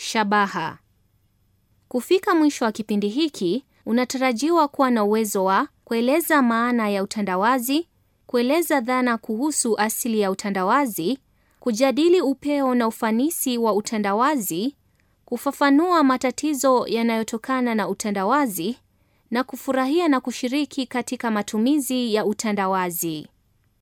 Shabaha: kufika mwisho wa kipindi hiki, unatarajiwa kuwa na uwezo wa kueleza maana ya utandawazi, kueleza dhana kuhusu asili ya utandawazi, kujadili upeo na ufanisi wa utandawazi, kufafanua matatizo yanayotokana na utandawazi na kufurahia na kushiriki katika matumizi ya utandawazi.